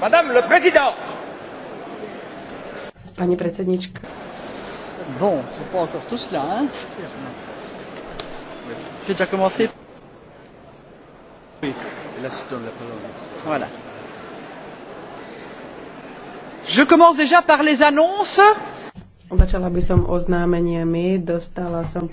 Madame le Président. Pani predsednička. Bon, c'est pas encore tout cela, hein J'ai déjà commencé. Oui, là je donne la parole. Voilà. Je commence déjà par les annonces. Začala by som oznámeniami, dostala som